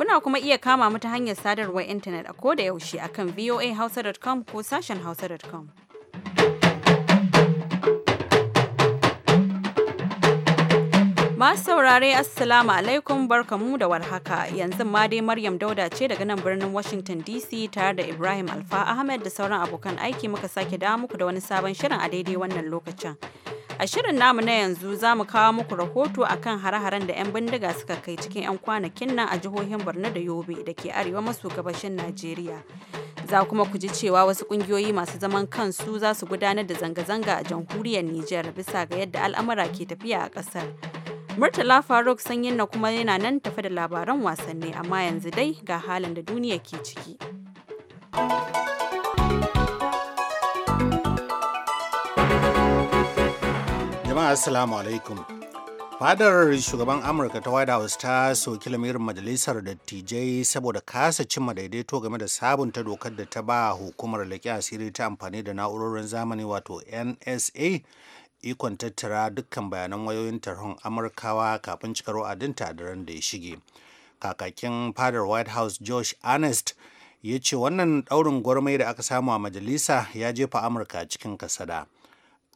Kuna kuma iya kama mu ta hanyar sadarwar intanet a da yaushe akan voahausa.com ko sashen hausa.com. Masu saurare Assalamu alaikum barkamu da warhaka yanzu ma dai Maryam Dauda ce daga nan birnin Washington DC tare da Ibrahim Alfa Ahmed da sauran abokan aiki muka sake dawo muku da wani sabon shirin a daidai wannan lokacin. A shirin namu na yanzu za mu kawo muku rahoto akan hare-haren da 'yan bindiga suka kai cikin 'yan kwanakin nan a jihohin Borno da Yobe da ke arewa maso gabashin Najeriya. Za kuma ku ji cewa wasu kungiyoyi masu zaman kansu za su gudanar da zanga-zanga a jamhuriyar Nijar bisa ga yadda al'amura ke tafiya a ƙasar. Murtala Faruk sanyin na kuma yana nan tafi da labaran wasanni amma yanzu dai ga halin da duniya ke ciki. Jama'a Assalamu alaikum. Fadar shugaban Amurka ta White House ta soki lamirin majalisar dattijai saboda kasa cimma daidaito game da sabunta dokar da ta ba hukumar leƙi asiri ta amfani da na'urorin zamani wato NSA ikon tattara dukkan bayanan wayoyin tarhon amurkawa kafin cikar wa'adinta da da ya shige kakakin fadar white house josh ernest ya ce wannan daurin gwarmai da aka samu a majalisa ya jefa amurka cikin kasada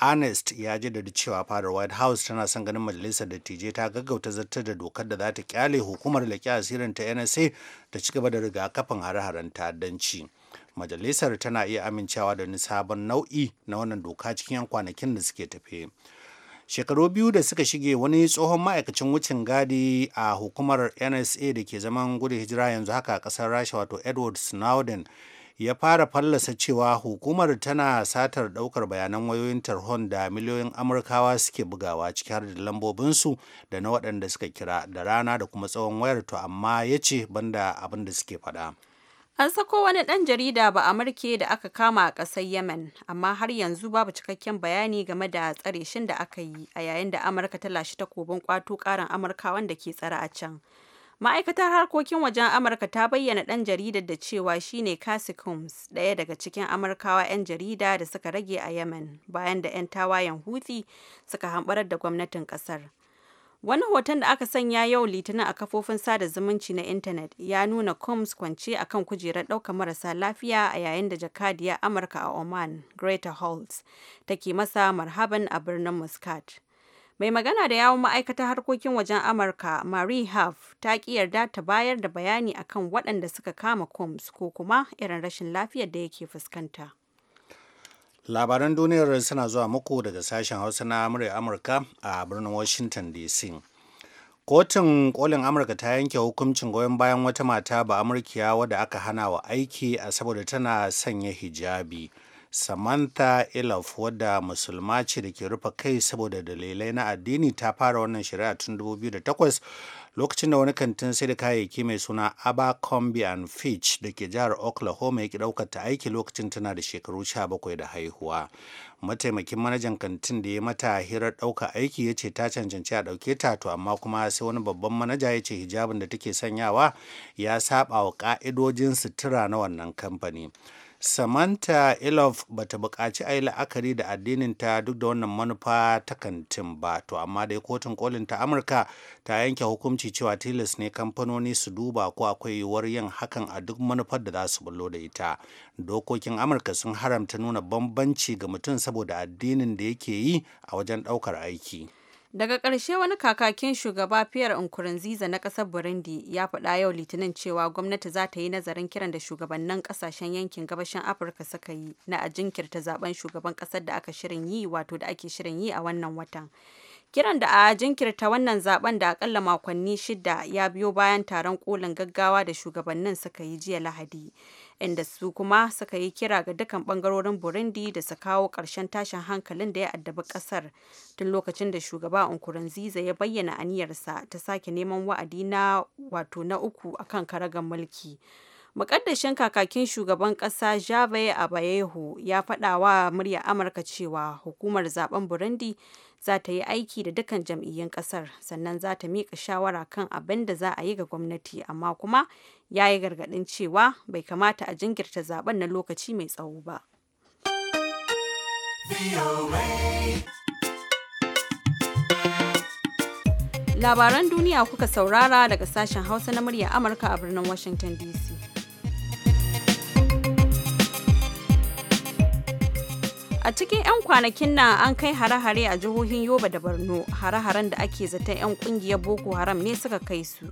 ernest ya je da cewa fadar white house tana son ganin majalisar dattijai ta gaggauta zartar da dokar da za ta kyale hukumar leƙi asirin ta nsa ta ci gaba da rigakafin hare-haren ta'addanci. majalisar tana iya amincewa da wani sabon nau'i na wannan doka cikin 'yan kwanakin da suke tafe shekaru biyu da suka shige wani tsohon ma'aikacin wucin gadi a hukumar nsa da ke zaman gudun hijira yanzu haka a kasar rasha wato edward snowden ya fara fallasa cewa hukumar tana satar daukar bayanan wayoyin tarhon da miliyoyin amurkawa suke bugawa ciki har da lambobinsu da na waɗanda suka kira da rana da kuma tsawon wayar to amma ya ce banda abin da suke faɗa. An sako wani ɗan jarida ba Amurke da aka kama a ƙasar Yemen, amma har yanzu babu cikakken bayani game da tsare shin da aka yi a yayin da Amurka ta lashe takobin kwato ƙarin amurka wanda ke tsare a can. Ma'aikatar harkokin wajen Amurka ta bayyana ɗan jaridar da cewa shine Cassie Combs, ɗaya daga cikin Amurkawa 'yan jarida da suka rage a Yemen bayan da 'yan tawayen Houthi suka hamɓarar da gwamnatin ƙasar. Wani hoton da aka sanya yau Litinin a kafofin sada zumunci na intanet ya nuna Combs kwance a kan kujerar ɗaukar marasa lafiya a yayin da jakadiyar Amurka a Oman, greater holds take masa marhaban a birnin Muscat. Mai magana da yawon ma'aikatar harkokin wajen Amurka, Marie Huff, ta ki yarda ta bayar da bayani akan waɗanda suka kama Combs ko kuma irin rashin lafiyar da yake fuskanta. Labaran duniyar suna zuwa muku daga sashen Hausa na murya Amurka a birnin Washington DC. Kotun kolin Amurka ta yanke hukuncin goyon bayan wata mata ba Amurkiya wadda aka hana wa aiki a saboda tana sanya hijabi. Samantha Ilaf wadda musulma ce da ke rufe kai saboda dalilai na addini ta fara wannan shari'a tun 2008 lokacin da wani kantin sai da kayayyaki mai suna abercrombie and fitch da ke jihar oklahoma ya ki ɗaukar ta aiki lokacin tana da shekaru 17 da haihuwa mataimakin manajan kantin da ya mata hirar ɗauka aiki ya ce ta cancanci a ɗauke ta to amma kuma sai wani babban manaja ya ce hijabin da take sanyawa ya saɓa wa ƙa'idojin sutura na wannan kamfani. samantha elof ba ta buƙaci a yi la'akari da addininta duk da wannan manufa ta kantin ba to amma dai kotun kolin ta amurka ta yanke hukunci cewa tilas ne kamfanoni su duba ko akwai yiwuwar yin hakan a duk manufar da za su bullo da ita dokokin amurka sun haramta nuna bambanci ga mutum saboda addinin da yake yi a wajen ɗaukar aiki Daga ƙarshe wani kakakin shugaba Pierre Nkurunziza na ƙasar Burundi ya faɗa yau Litinin cewa gwamnati za ta yi nazarin kiran da shugabannin ƙasashen yankin gabashin Afirka suka yi na a jinkirta zaben shugaban ƙasar da aka shirin yi wato da ake shirin yi a wannan watan. Kiran da a jinkirta wannan zaben da akalla makonni shida ya biyo bayan taron kolin gaggawa da shugabannin suka yi jiya Lahadi, inda su kuma suka yi kira ga dukkan bangarorin Burundi da su kawo karshen tashin hankalin da ya addabi kasar tun lokacin da shugaba Nkurunziza ya bayyana aniyarsa ta sake neman wa'adi na wato na uku akan karagar mulki. Mukaddashin kakakin shugaban ƙasa Javier abayehu ya faɗa wa murya Amurka cewa hukumar zaben Burundi za ta yi aiki da dukkan jam'iyyun kasar sannan za ta miƙa shawara kan abin da za a yi ga gwamnati amma kuma ya yi gargaɗin cewa bai kamata a jingirta zaben na lokaci mai tsawo ba. Labaran duniya kuka saurara daga sashen Hausa na murya Amurka a birnin Washington DC. A cikin 'yan kwanakin nan an kai hare-hare a jihohin Yoba da Borno, hare-haren da ake zaton 'yan kungiyar Boko Haram ne suka kai su.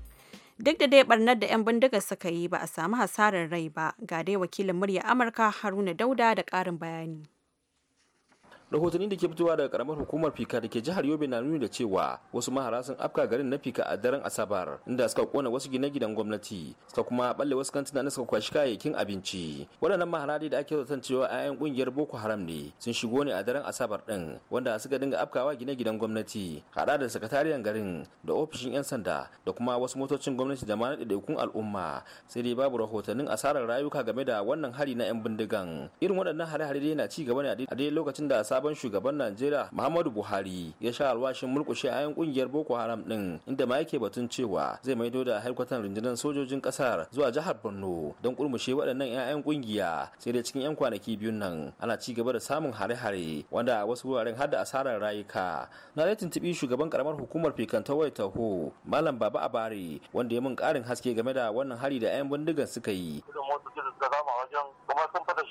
Duk da dai barnar da 'yan bindiga suka yi ba a samu hasarar rai ba, ga dai wakilin murya Amurka Haruna Dauda da ƙarin bayani. rahotanni da ke fitowa daga karamar hukumar fika da ke jihar yobe na nuni da cewa wasu mahara sun afka garin na fika a daren asabar inda suka kona wasu gine-ginen gwamnati suka kuma balle wasu kantuna na suka kwashi kayayyakin abinci waɗannan mahara da ake zaton cewa 'ya'yan ƙungiyar boko haram ne sun shigo ne a daren asabar ɗin wanda suka dinga afkawa gine-ginen gwamnati haɗa da sakatariyan garin da ofishin 'yan sanda da kuma wasu motocin gwamnati da ma ɗaiɗaikun al'umma sai dai babu rahotannin asarar rayuka game da wannan hari na 'yan bindigan irin waɗannan hare-hare na ci gaba ne a daidai lokacin da sabon shugaban Najeriya Muhammadu Buhari ya sha alwashin mulkushe ayan kungiyar Boko Haram din inda ma yake batun cewa zai maido da harkatan rundunar sojojin kasar zuwa jihar Borno don kurmushe waɗannan 'ya'yan kungiya sai dai cikin 'yan kwanaki biyun nan ana ci gaba da samun hare-hare wanda a wasu wuraren har da asarar rayuka na da tuntubi shugaban karamar hukumar fikanta wai taho malam baba Abari, wanda ya mun karin haske game da wannan hari da 'yan bindigan suka yi.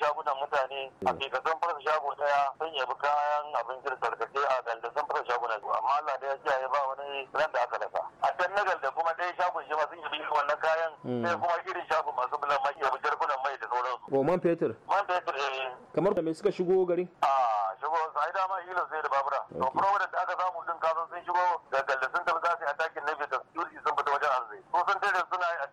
shagunan mutane a ka zan fara shago daya sun yabi kayan abinci da sarkace a galda sun fasa shagunan su amma Allah da ya kiyaye ba wani ran da aka rasa a can na galda kuma ɗaya shagon shi ma sun yabi wannan kayan hmm. sai kuma irin shagon masu bulan mai yabi jarkunan mai da sauransu. O man Peter. Man Peter eh. Kamar da me suka shigo gari? Ah shigo sai da ma ilo sai da babura. To problem da aka samu din kasan sun shigo da galda sun tafi za su yi atakin na fetur sun fita wajen arziki. Ko sun tare suna yi a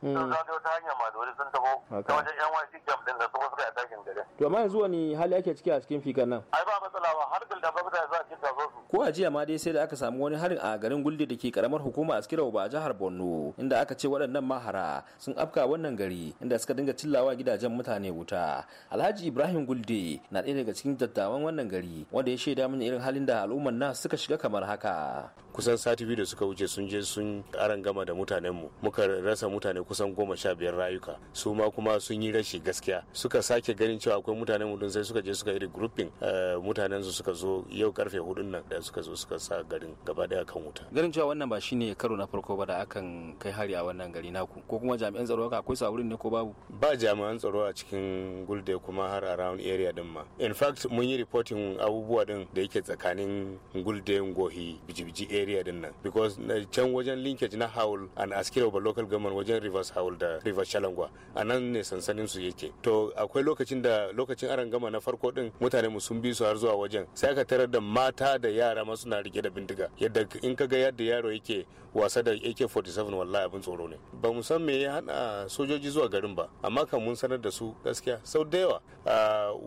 sun hmm. ta hanyar madori sun taho ta wajen yan wani din da suka yi takin gare. to amma yanzu wani hali ake ciki a cikin fikan nan. ai ba matsala ba har da ba mutane za a kinta zo su. ko a jiya ma dai sai da aka samu wani harin a garin gulde da ke karamar hukuma a skirau ba a jihar borno inda aka ce waɗannan mahara sun afka wannan gari inda suka dinga cillawa gidajen mutane wuta alhaji ibrahim gulde na ɗaya daga cikin dattawan wannan gari wanda ya shaida mini irin halin da al'ummar nasu suka shiga kamar haka. kusan sati biyu da suka wuce sun je sun aran gama da mutanenmu muka rasa mutane kusan goma sha biyar rayuka su ma kuma sun yi rashi gaskiya suka sake ganin cewa akwai mutanen mu sai suka je suka yi grouping eh, mutanen su suka zo yau karfe hudu nan da suka zo suka sa garin gaba daya kan wuta ganin cewa wannan ba shine karo na farko ba da akan kai hari a wannan gari naku ko kuma jami'an tsaro haka akwai sabulin ne ko babu ba jami'an tsaro a cikin gulde kuma har around area din ma in fact mun yi reporting abubuwa din da yake tsakanin gulde gohi bijibiji area din nan because can wajen linkage na howl and Askira ba local government wajen Rivers howl da Rivers Shalangwa a nan ne sansanin su yake to akwai lokacin da lokacin aran gama na farko din mutane mu sun bi su har zuwa wajen sai aka tarar da mata da yara ma suna rike da bindiga yadda in ka ga yadda yaro yake wasa da AK47 wallahi abin tsoro ne ba mu san me ya hana sojoji zuwa garin ba amma kan mun sanar da su gaskiya sau da yawa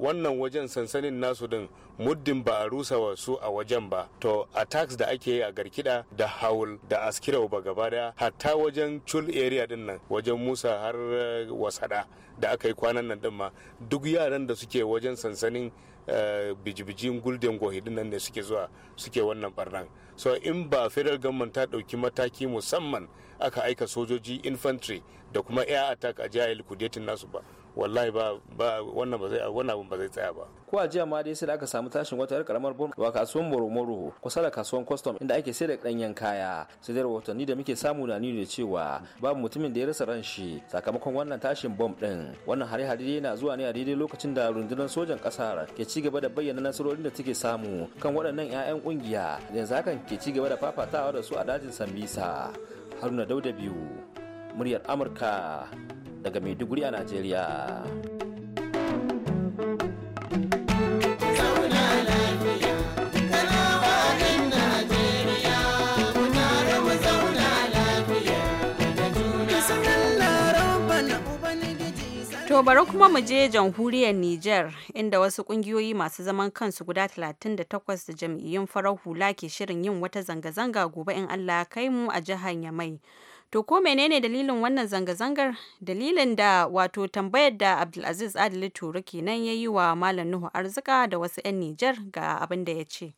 wannan wajen sansanin nasu din muddin ba a rusa wa su a wajen ba to attacks da ake yi a garin kida da haul da askira ba gaba daya hatta wajen chul area din nan wajen musa har eh, wasada da aka yi kwanan nan din ma duk yaran da suke wajen sansanin eh, bijibijin gulden din nan ne suke zuwa suke wannan barnan so in ba federal government ta ɗauki mataki musamman aka aika sojoji infantry da kuma air attack a jihar kudetin nasu ba wallahi ba ba wannan ba zai wannan abun ba zai tsaya ba ko a jiya ma dai sai da aka samu tashin wata yar karamar burma wa kasuwan moromoro kusa da kasuwan custom inda ake sai da danyen kaya sai da rahotanni da muke samu na nuna cewa babu mutumin da ya rasa ran shi sakamakon wannan tashin bom din wannan hare-hare yana zuwa ne a daidai lokacin da rundunar sojan kasar ke ci gaba da bayyana nasarorin da take samu kan waɗannan 'ya'yan ƙungiya yanzu hakan ke ci gaba da fafatawa da su a dajin sambisa haruna dauda biyu muryar amurka daga Maiduguri a Najeriya. To bari kuma mu je jamhuriyar Nijar inda wasu kungiyoyi masu zaman kansu guda 38 da jam'iyyun farar hula ke shirin yin wata zanga-zanga gobe in Allah kai mu a jihar Yamai To ko menene dalilin wannan zanga-zangar? Dalilin da wato tambayar da Abdulaziz Adili Turu kenan ya yi wa Malam Nuhu Arzika da wasu 'yan Nijar ga abin da ya ce.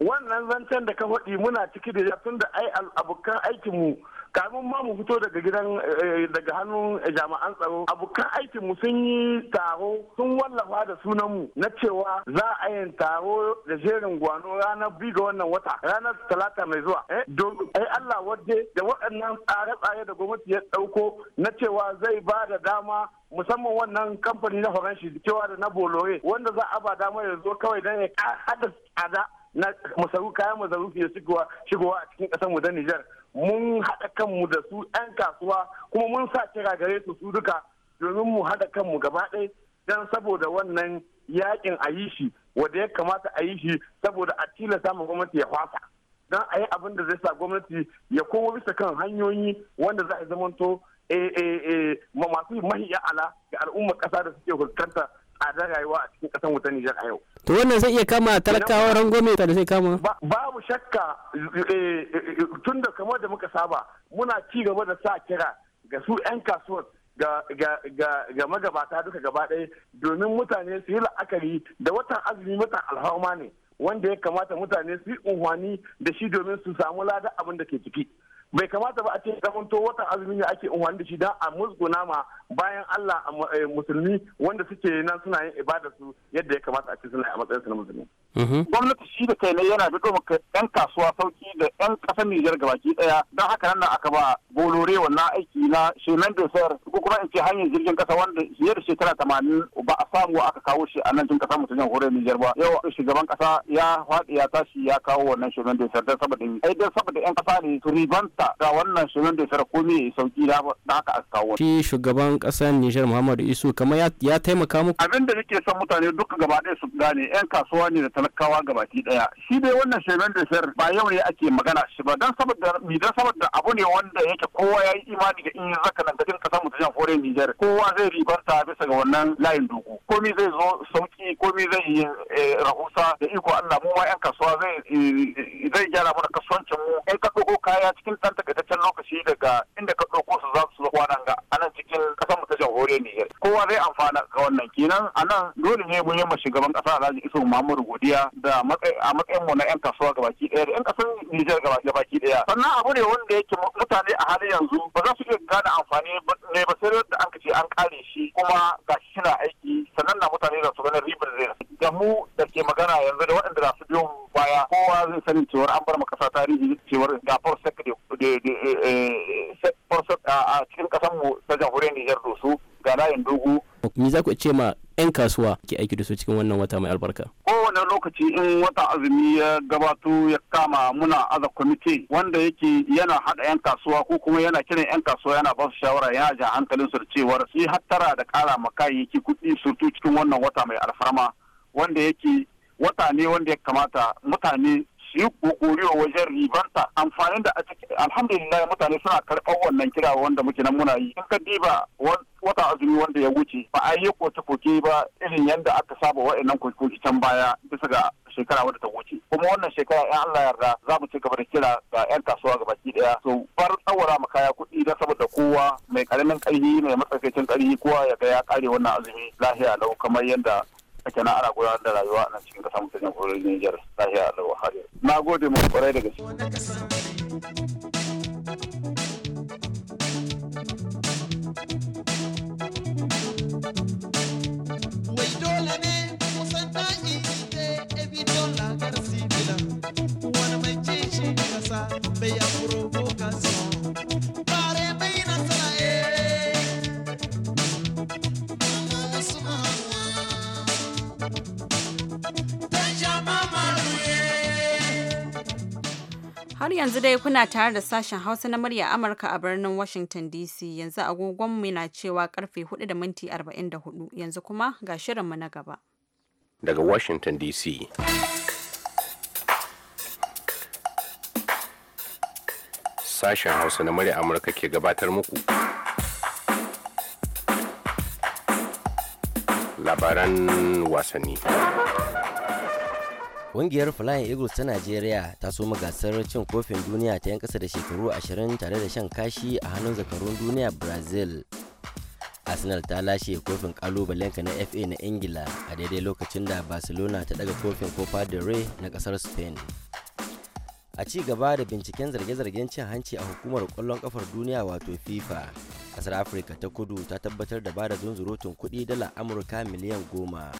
Wannan zancen da ka faɗi muna ciki da ya tun da ai abokan aikinmu kamin ma mu fito daga gidan eh, daga hannun jami'an tsaro abokan aikin mu sun yi taro sun wallafa da sunan mu na cewa za a yin taro da jerin gwano ranar biyu ga wannan wata ranar talata mai zuwa eh ai eh, Allah wadde da waɗannan tsare-tsare da gwamnati ya ɗauko na cewa zai ba da dama musamman wannan kamfani na faranshi cewa da na bolore wanda za a ba damar ya zo kawai don ya haddasa tsada na kayan masarufi ya shigowa a cikin ƙasar mu da Nijar mun haɗa kanmu da su 'yan kasuwa kuma mun sa kira gare su su duka domin mu haɗa kanmu gaba ɗaya don saboda wannan yakin a yi shi wanda ya kamata a yi shi saboda a tilasta ma gwamnati ya fasa don a yi abin da zai sa gwamnati ya komo bisa kan hanyoyi wanda za a zamanto eh, eh, eh, masu mahiya ala ga al'ummar ƙasa da suke fuskanta a rayuwa a cikin kasan wutan Nijar a yau. To wannan zai iya kama talakawa ta da zai kama? Babu shakka eh, eh, eh, tun da kamar da muka saba muna ci gaba da sa kira ga su 'yan kasuwar ga magabata duka gaba ɗaya domin mutane su yi la'akari da watan azumi watan alhama ne wanda ya kamata mutane su yi unhwani da shi domin su samu lada abin da ke ciki. bai kamata ba a ce zamanto watan azumi ne ake unhwani da shi don a musguna ma bayan Allah eh, musulmi wanda suke nan suna yin ibadar su yadda ya kamata a ci suna a matsayin musulmi. Mm-hmm. Gwamnati shi da kai ne yana da kuma yan kasuwa sauki da yan kasar Nijar ki daya don haka nan aka ba bolore wannan aiki na shenan dosar ko kuma in ce hanyar jirgin kasa wanda fiye da shekara tamanin ba a samu aka kawo shi a nan tun kasar mutum jamhuriyar Nijar ba yau shugaban kasa ya faɗi ya tashi ya kawo wannan shenan dosar don saboda ai don saboda yan kasa ne su ribanta ga wannan shenan dosar ko ya sauki da haka aka kawo. Shi shugaban kasar Nijar Muhammadu Isu kamar ya taimaka muku. Abin da nake son mutane duka gaba ɗaya su gane 'yan kasuwa ne da talakawa gabaki ɗaya. Shi dai wannan shemen da shar ba yau ne ake magana shi ba don saboda mi don saboda abu ne wanda yake kowa ya yi imani da in yi zaka nan gajin ƙasar mu jan Nijar kowa zai ribarta bisa ga wannan layin dogo. Komi zai zo sauki komi zai yi eh, rahusa da iko Allah mu ma 'yan kasuwa zai eh, zai gyara mana kasuwancin mu. ƴan ka ko kaya cikin ɗan takaitaccen lokaci daga inda ka ɗauko su za su zo kwanan ga anan cikin jamhuriyar Nijar. Kowa zai amfana ga wannan kenan a nan dole ne mun yi ma shugaban kasa Alhaji Isu Muhammadu godiya da a matsayin mu na 'yan kasuwa gabaki ɗaya da 'yan kasar Nijar gabaki ɗaya. Sannan abu ne wanda yake mutane a halin yanzu ba za su iya gane amfani ne ba sai da an ce an kare shi kuma ga shi na aiki sannan na mutane da su ganin ribar zai da mu da ke magana yanzu da waɗanda za su biyo baya kowa zai sanin cewar an bar ma kasa tarihi cewar ga forsec eh, eh, a cikin kasan mu ta jamhuriyar Nijar da su da layin dogo. Me za ku ce ma 'yan kasuwa ke aiki da su cikin wannan wata mai albarka? Kowane lokaci in wata azumi ya gabato ya kama muna aza kwamiti wanda yake yana haɗa 'yan kasuwa ko kuma yana kiran 'yan kasuwa yana ba shawara ya ja hankalin su da cewar su hattara da ƙara ma kayayyaki kuɗi surtu cikin wannan wata mai alfarma wanda yake wata ne wanda ya kamata mutane su yi kokori wajen ribanta amfanin da ake alhamdulillah mutane suna karɓar wannan kira wanda muke nan muna yi in ka diba wata azumi wanda ya wuce ba a yi koke-koke ba irin yadda aka saba wa'annan koke can baya bisa ga shekara wadda ta wuce kuma wannan shekara in Allah yarda za mu ci gaba da kira ga 'yan kasuwa ga baki daya so bar tsawara ma kaya kuɗi don saboda kowa mai karamin ƙarfi mai matsakaicin ƙarfi kowa ya ga ya kare wannan azumi lahiya lau kamar yadda ake nan ana gudanar da rayuwa a cikin ƙasar mutum na ƙorin Nijar lahiya da wahaliya. Na gode mu kwarai da gaske. wani mai cin shi kasa yanzu dai kuna tare da sashen Hausa na murya Amurka a birnin Washington DC yanzu agogon mu na cewa karfe 4 da minti 44 yanzu kuma ga shirinmu na gaba. Daga Washington DC. Sashen Hausa na murya Amurka ke gabatar muku. Labaran wasanni. Ƙungiyar Flying Eagles ta Najeriya ta soma gasar cin kofin duniya ta 'yan ƙasa da shekaru 20 tare da shan kashi a hannun zakarun duniya Brazil. Arsenal ta lashe kofin ƙalubalenka na FA na Ingila a daidai lokacin da Barcelona ta daga kofin Copa del Rey na ƙasar Spain. A ci gaba da binciken zarge-zargen cin hanci a hukumar kwallon ƙafar duniya wato FIFA, ƙasar Afirka ta kudu ta tabbatar da ba da zunzurutun kuɗi dala Amurka miliyan goma.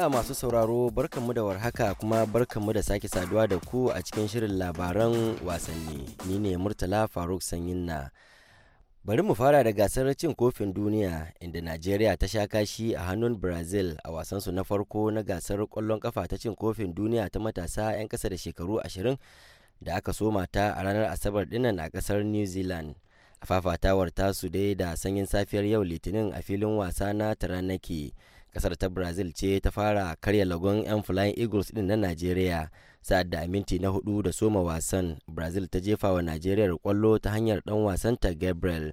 Jama'a masu sauraro barkanmu da warhaka kuma barkanmu da sake saduwa da ku a cikin shirin labaran wasanni. Ni ne Murtala Faruk na Bari mu fara da gasar cin kofin duniya inda Najeriya ta sha kashi a hannun Brazil a wasansu na farko na gasar kwallon kafa ta cin kofin duniya ta matasa 'yan kasa da shekaru 20 da aka soma ta a ranar Asabar dinnan a kasar New Zealand. A fafatawar tasu dai da sanyin safiyar yau Litinin a filin wasa na Taranaki. kasar ta brazil ce ta fara karya lagon 'yan flying eagles din na nigeria sa'ad da aminti na hudu da soma wasan brazil ta jefa wa nigeria kwallo ta hanyar dan wasan ta gabriel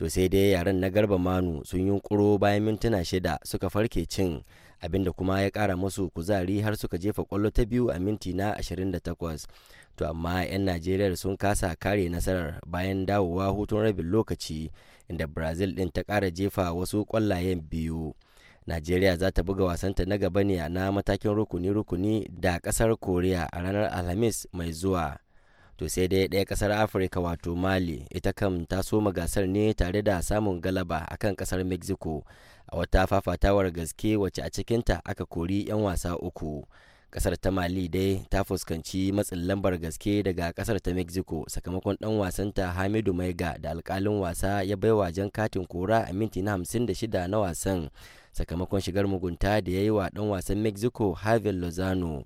to sai dai yaren na garba manu sun yi kuro bayan mintuna shida suka farke cin abinda kuma ya kara musu kuzari har suka jefa kwallo ta biyu a minti na 28 to amma 'yan najeriya sun kasa kare nasarar bayan dawowa hutun rabin lokaci inda brazil din ta kara jefa wasu kwallayen biyu najeriya za ta buga wasanta na gaba ne na matakin rukuni-rukuni da kasar koriya a ranar alhamis mai zuwa to sai dai ɗaya kasar afirka wato mali ita kam ta soma gasar ne tare da samun galaba akan kasar mexico a wata fafatawar gaske wacce a cikinta aka kori 'yan wasa uku kasar ta mali dai ta fuskanci matsin lambar gaske daga kasar ta mexico sakamakon dan wasanta hamidu maiga da alkalin wasa ya baiwa jan katin kora a minti na 56 na wasan sakamakon shigar mugunta da ya yi wa dan wasan mexico javier lozano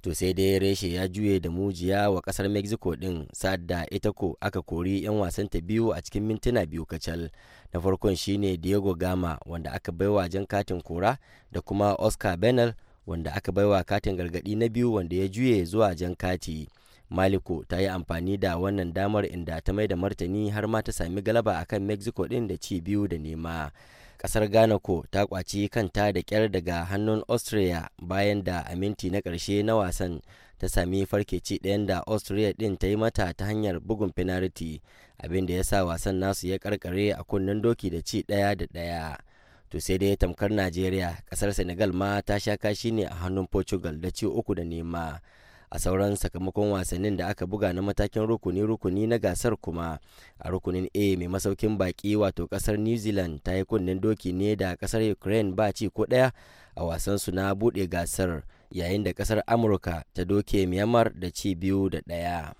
to sai dai reshe ya juye da mujiya wa kasar mexico din sadda ita ko aka kori 'yan wasan ta biyu a cikin mintuna biyu kacal na farkon shine diego gama wanda aka baiwa jan katin kora da kuma oscar benel wanda aka baiwa katin gargadi na biyu wanda ya juye zuwa jan kati maliko ta yi amfani da wannan damar inda ta mai da martani har ma ta sami galaba akan mexico din da ci biyu da nema kasar ghana ko ta kwaci kanta da kyar daga hannun austria bayan da a minti na karshe na wasan ta sami farke ci ɗayan da austria ɗin ta yi mata ta hanyar bugun finariti abinda ya sa wasan nasu ya karkare a kunnen doki da ci ɗaya da ɗaya to sai dai tamkar najeriya kasar senegal ma ta sha kashi ne a hannun portugal da ci uku da nema a sauran sakamakon wasannin da aka buga na matakin rukuni-rukuni na gasar kuma a rukunin a mai masaukin baki wato kasar new zealand ta yi kunnen doki ne da kasar ukraine ba ci ko daya a wasansu na buɗe gasar yayin da kasar amurka ta doke myanmar da ci biyu da ɗaya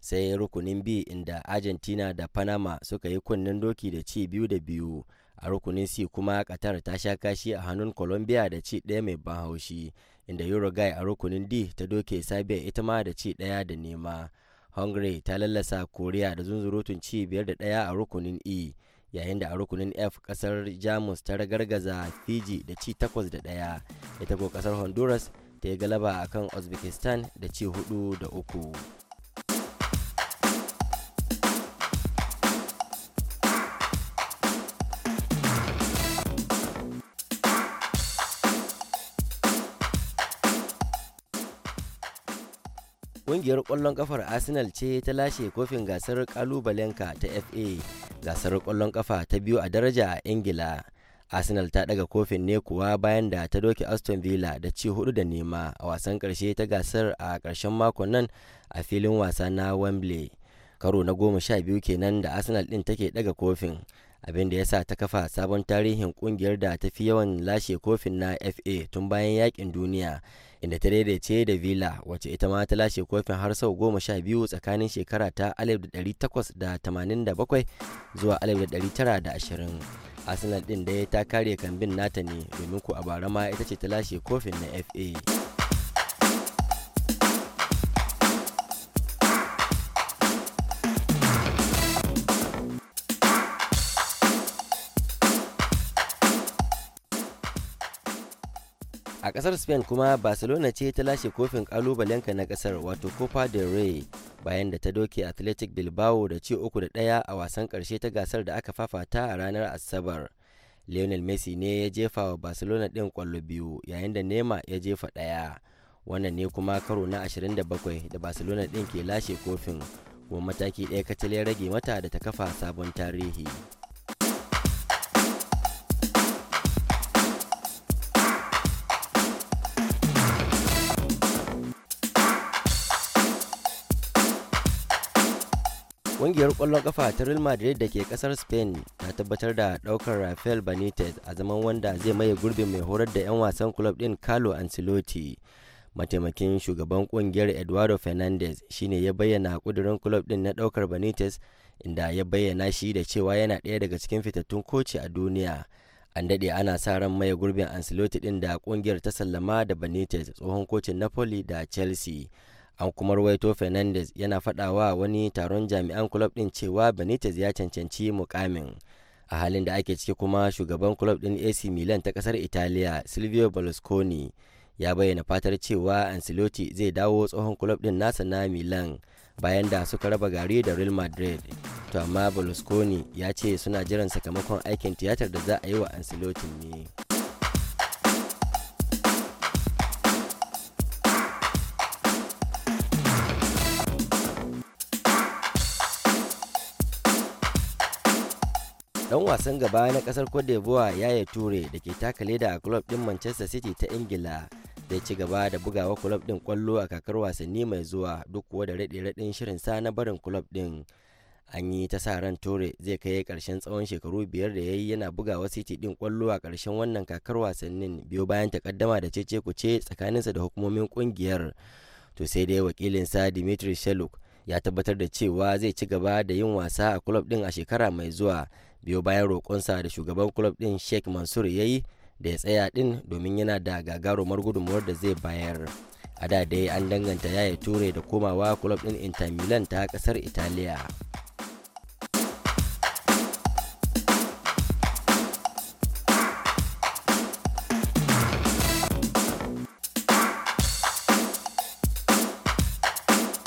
sai rukunin b inda argentina da panama suka yi kunnen doki da ci biyu da biyu a rukunin c kuma qatar ta sha kashi a hannun colombia da ci ɗaya mai ban haushi inda uruguay a rukunin d ta doke sabia ita ma da ci daya da nema hungary ta lallasa korea da zunzurutun ci biyar da ɗaya a rukunin e yayin da a rukunin f kasar jamus ta ragargaza fiji da ci takwas da ɗaya ita ko kasar honduras ta yi galaba akan uzbekistan da ci hudu da uku Ƙungiyar kwallon kafar Arsenal ce ta lashe kofin gasar kalubalenka ta FA gasar kwallon kafa ta biyu a daraja a Ingila. Arsenal ta daga kofin ne kuwa bayan da ta doke Aston Villa da ci hudu da nema a wasan karshe ta gasar a karshen makon nan a filin wasa na Wembley. Karo na goma sha biyu kenan da Arsenal din take daga kofin. abin da ya sa ta kafa sabon tarihin kungiyar da ta fi yawan lashe kofin na fa tun bayan yakin duniya inda ta daidaice da villa wacce ita ma ta lashe kofin har sau goma sha biyu tsakanin shekara ta 1887 zuwa 1920 arsenal din dai ta kare kambin nata ne domin ku a bara ita ce ta lashe kofin na fa a kasar spain kuma barcelona ce ta lashe kofin kalubalenka na kasar wato copa del rey bayan da ta doke athletic bilbao da ce uku da daya a wasan karshe ta gasar da aka fafata a ranar asabar lionel messi ne ya jefa wa barcelona din kwallo biyu yayin da nema ya jefa daya wannan ne kuma karo na 27 da barcelona din ke lashe kofin kuma mataki ɗaya kacal ya rage mata da ta kafa sabon tarihi Kungiyar kwallon kafa ta Real Madrid da ke kasar Spain na tabbatar da ɗaukar Rafael Benitez a zaman wanda zai maye gurbin mai horar da 'yan wasan club ɗin Carlo Ancelotti. Mataimakin shugaban kungiyar Eduardo Fernandez shine ya bayyana kudurin club din na ɗaukar Benitez inda ya bayyana shi da cewa yana ɗaya daga cikin fitattun koci a duniya. an daɗe ana sa ran maye gurbin ancelotti din da ƙungiyar ta sallama da benitez tsohon kocin napoli da chelsea an kuma ruwaito fernandez yana faɗawa wani taron jami'an kulob ɗin cewa benitez ya cancanci mukamin a halin da ake ciki kuma shugaban kulob ɗin ac milan ta ƙasar italiya silvio berlusconi ya bayyana fatar cewa ancelotti zai dawo tsohon kulob ɗin nasa na milan bayan da suka raba gari da real madrid to amma berlusconi ya ce suna jiran sakamakon aikin tiyatar da za a yi wa ancelotti ne dan wasan gaba na kasar cote d'ivoire yaya ture da ke taka leda a club din manchester city ta ingila zai ci gaba da bugawa club din kwallo a kakar wasanni mai zuwa duk kuwa da raɗe-raɗin shirin sa na barin club din an yi ta sa ran ture zai kai karshen tsawon shekaru biyar da ya yi yana bugawa city din kwallo a karshen wannan kakar wasannin biyu bayan takaddama da cece kuce tsakaninsa da hukumomin kungiyar to sai dai wakilin sa dimitri sheluk ya tabbatar da cewa zai ci gaba da yin wasa a club din a shekara mai zuwa biyo bayan roƙonsa da shugaban kulob din sheikh mansur ya yi da ya tsaya din domin yana da gagarumar gudunmuwar da zai bayar a da dai an danganta yaya ture da komawa kulob din inter milan ta kasar italiya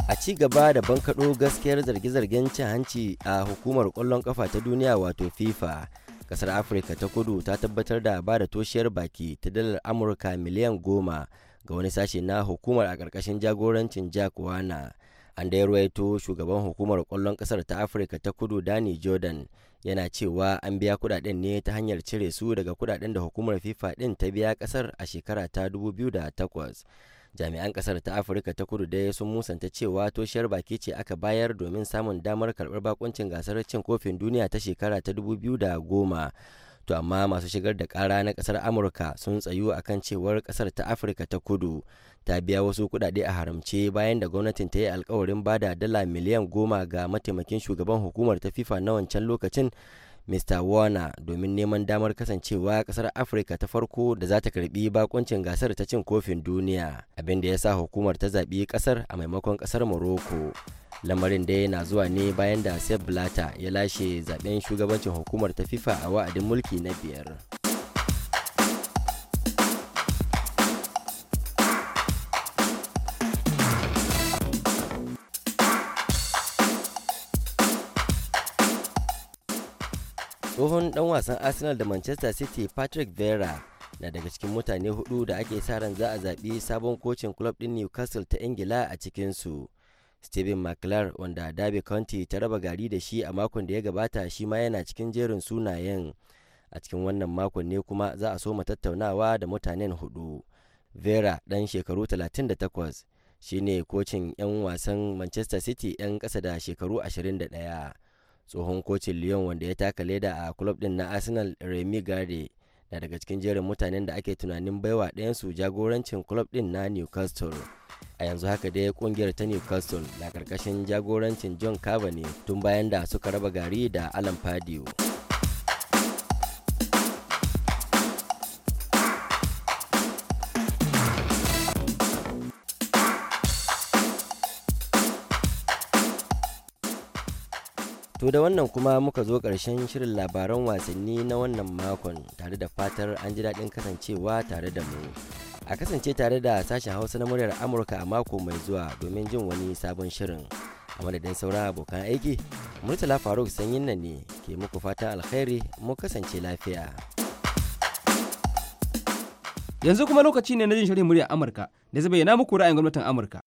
a ci gaba da bankaɗo gaskiyar zarge-zargen cin hanci a hukumar ƙwallon ƙafa ta duniya wato fifa ƙasar afirka ta kudu ta tabbatar da ba da toshiyar baki ta dalar amurka miliyan goma ga wani sashe na hukumar a ƙarƙashin jagorancin jack wana an da ruwaito shugaban hukumar ƙwallon ƙasar ta afirka ta kudu dani jordan yana cewa an biya kudaden ne ta hanyar cire su daga kuɗaɗen da hukumar fifa ɗin ta biya ƙasar a shekara ta 2008 jami'an kasar ta afirka ta kudu dai sun musanta cewa toshiyar baki ce aka bayar domin samun damar karbar bakuncin gasar cin kofin duniya ta shekara ta 2010 to amma masu shigar da kara na kasar amurka sun tsayu a kan cewar kasar ta afirka ta kudu ta biya wasu kudade a haramce bayan da gwamnatin ta yi alkawarin bada dala miliyan goma ga mataimakin shugaban hukumar ta fifa na wancan lokacin Mr. Warner domin neman damar kasancewa kasar Afirka ta farko da za ta karbi bakoncin gasar ta cin kofin duniya abinda ya sa hukumar ta zaɓi kasar a maimakon kasar Morocco. Lamarin dai na zuwa ne bayan da Sepp Blatter ya lashe zaɓen shugabancin hukumar ta FIFA a wa'adin mulki na biyar. tsohon dan wasan arsenal da manchester city patrick vera na daga cikin mutane hudu da ake sa ran za a zaɓi sabon kocin club din newcastle ta ingila a cikinsu stephen mcclar wanda derby county ta raba gari da shi a makon da ya gabata shi ma yana cikin jerin sunayen a cikin wannan makon ne kuma za a so tattaunawa da mutanen hudu vera dan shekaru 38 shine kocin 'yan wasan manchester city 'yan kasa da shekaru 21 tsohon kocin lyon wanda ya taka leda a club din na arsenal remy gare na daga cikin jerin mutanen da ake tunanin baiwa ɗayansu jagorancin club din na newcastle a yanzu haka dai kungiyar ta newcastle na karkashin jagorancin john cavani tun bayan da suka raba gari da alan padio To da wannan kuma muka zo karshen shirin labaran wasanni na wannan makon tare da fatar an ji daɗin kasancewa tare da mu. A kasance tare da sashen Hausa na muryar Amurka a mako mai zuwa domin jin wani sabon shirin. A madadin sauran abokan aiki, Murtala Faruk sanyin nan ne ke muku fatan alkhairi mu kasance lafiya. Yanzu kuma lokaci ne na jin shirin muryar Amurka da zai bayyana muku ra'ayin gwamnatin Amurka.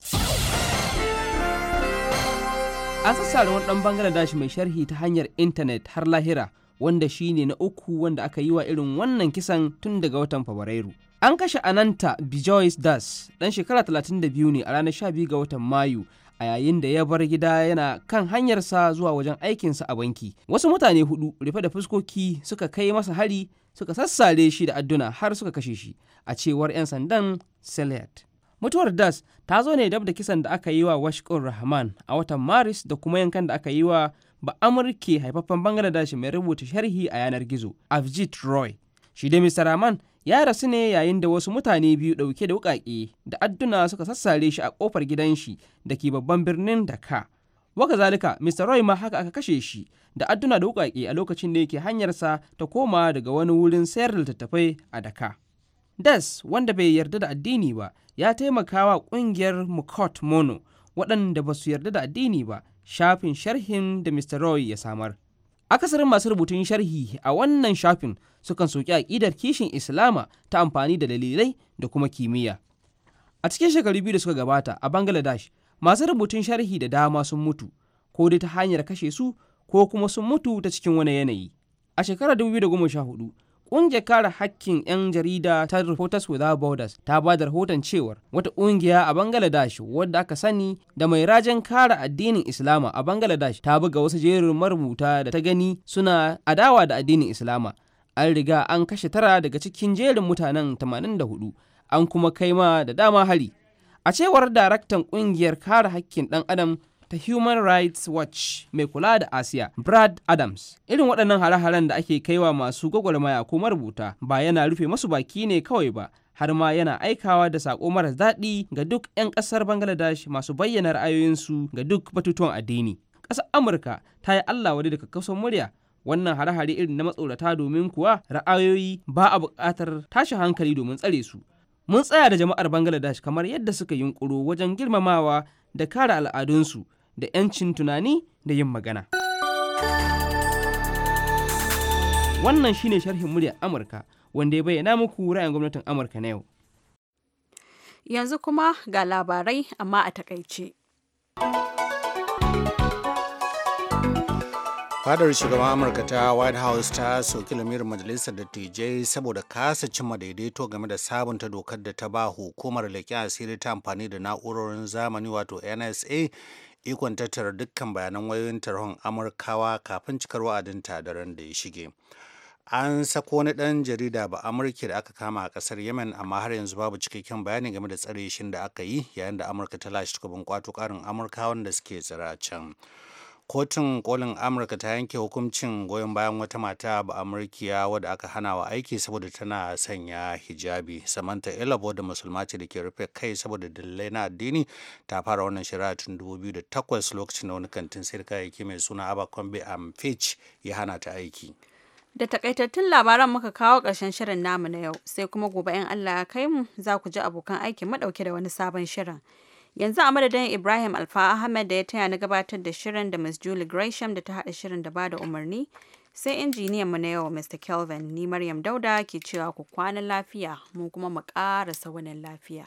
an da wani dan dashi mai sharhi ta hanyar intanet har lahira wanda shine na uku wanda aka yi wa irin wannan kisan tun daga watan fabrairu an kashe ananta bijoyce das dan shekara 32 ne a ranar 12 ga watan mayu a yayin da ya bar gida yana kan hanyarsa zuwa wajen aikinsa a banki wasu mutane hudu rufe da fuskoki suka kai masa hari suka sassare shi da adduna har suka kashe shi a cewar 'yan sandan Selhet. mutuwar das ta zo ne dab da kisan da aka yi wa washkun rahman a watan maris da kuma yankan da aka yi wa ba amurke haifaffen bangladesh mai rubuta sharhi a yanar gizo avjit roy shi da mr rahman ya rasu ne yayin da wasu mutane biyu dauke da wukaƙe da adduna suka sassare shi a kofar gidan shi da ke babban birnin daka waka zalika mr roy ma haka aka kashe shi da adduna da wukaƙe a lokacin da yake hanyarsa ta koma daga wani wurin sayar da littattafai a daka das wanda bai yarda da addini ba ya taimaka wa kungiyar Mukot Mono waɗanda ba su yarda da addini ba shafin sharhin da Mr. Roy ya samar. Akasarin masu rubutun sharhi a wannan shafin sukan soki aƙidar kishin Islama ta amfani da dalilai da kuma kimiyya. A cikin shekaru biyu da suka gabata a Bangladesh, masu rubutun sharhi da dama sun mutu, ko dai ta hanyar kashe su ko kuma sun mutu ta cikin wani yanayi. A shekarar 2014, Ƙungiyar kare hakkin 'yan jarida ta Reporters Without Borders ta ba da rahoton cewar wata ƙungiya a Bangladesh wadda aka sani da mai rajin kare addinin Islama a Bangladesh ta buga wasu jerin marubuta da ta gani suna adawa da addinin Islama. An riga an kashe tara daga cikin jerin mutanen tamanin da hudu an kuma kai ma da dama hari. A cewar daraktan ƙungiyar kare hakkin ɗan adam ta Human Rights Watch mai kula da Asiya, Brad Adams. Irin waɗannan hare-haren da ake kaiwa masu gwagwarmaya ko marubuta ba yana rufe masu baki ne kawai ba, har ma yana aikawa da sako mara daɗi ga duk 'yan ƙasar Bangladesh masu bayyana ra'ayoyinsu ga duk batutuwan addini. Ƙasar Amurka ta yi Allah wadai daga murya wannan hare-hare irin na matsorata domin kuwa ra'ayoyi ba a buƙatar tashi hankali domin tsare su. Mun tsaya da jama'ar Bangladesh kamar yadda suka yunƙuro wajen girmamawa da kare al'adunsu da 'yancin tunani da yin magana. Wannan shine sharhin muryar Amurka wanda ya bayyana muku ra'ayin gwamnatin Amurka na yau. Yanzu kuma ga labarai amma a takaice. fadar shugaban amurka ta white house ta soki lamirin majalisar dattijai saboda kasa cimma daidaito game da sabunta dokar da ta ba hukumar leƙen asiri ta amfani da na'urorin zamani wato nsa ikon tattara dukkan bayanan wayoyin tarhon amurkawa kafin cikar wa'adinta da ran da ya shige an sako wani ɗan jarida ba amurki da aka kama a ƙasar yemen amma har yanzu babu cikakken bayani game da tsare shin da aka yi yayin da amurka ta lashe takobin kwato ƙarin amurkawan da suke tsira can kotun kolin amurka ta yanke hukuncin goyon bayan wata mata ba amurkiya wadda aka hana wa aiki saboda tana sanya hijabi samanta elabo da musulma ce da ke rufe kai saboda dalilai na addini ta fara wannan shari'a tun 2008 lokacin da wani kantin sai sayar kayayyaki mai suna abercrombie and fitch ya hana ta aiki da takaitattun labaran muka kawo ƙarshen shirin namu na yau sai kuma gobe in allah ya kai mu za ku ji abokan aiki madauke da wani sabon shirin Yanzu a madadin Ibrahim Alfa Ahmed da ya taya na gabatar da shirin da Ms. Julie Gresham da ta haɗa shirin da ba da umarni, sai injiniyan mu na yau Mr. Kelvin ni Maryam Dauda ke cewa ku kwanan lafiya mu kuma mu ƙara saunin lafiya.